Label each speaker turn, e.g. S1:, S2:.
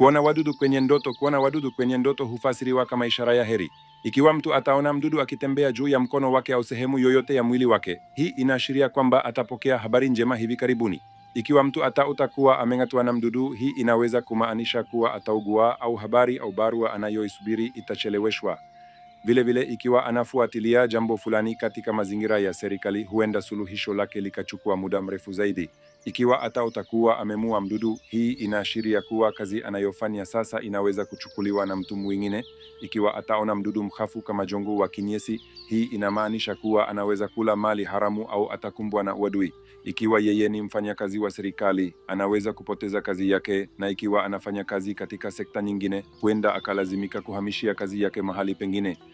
S1: Kuona wadudu kwenye ndoto. Kuona wadudu kwenye ndoto hufasiriwa kama ishara ya heri. Ikiwa mtu ataona mdudu akitembea juu ya mkono wake au sehemu yoyote ya mwili wake, hii inaashiria kwamba atapokea habari njema hivi karibuni. Ikiwa mtu ataota kuwa ameng'atwa na mdudu, hii inaweza kumaanisha kuwa ataugua au habari au barua anayoisubiri itacheleweshwa. Vilevile vile ikiwa anafuatilia jambo fulani katika mazingira ya serikali, huenda suluhisho lake likachukua muda mrefu zaidi. Ikiwa hata utakuwa amemua mdudu, hii inaashiria kuwa kazi anayofanya sasa inaweza kuchukuliwa na mtu mwingine. Ikiwa ataona mdudu mkhafu kama jongo wa kinyesi, hii inamaanisha kuwa anaweza kula mali haramu au atakumbwa na uadui. Ikiwa yeye ni mfanyakazi wa serikali, anaweza kupoteza kazi yake, na ikiwa anafanya kazi katika sekta nyingine, huenda akalazimika kuhamishia kazi yake mahali pengine.